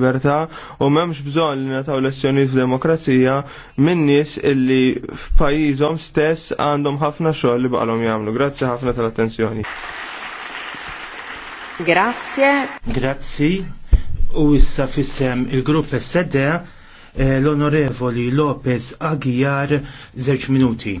libertà u memx bżon li nataw lezzjoniet f'demokrazija minn nies illi f'pajjiżhom stess għandhom ħafna xogħol li baqalhom jagħmlu. Grazzi ħafna tal-attenzjoni. Grazie. Grazzi. U issa fissem il-grupp SD eh, l-onorevoli Lopez Aguiar, zewġ minuti.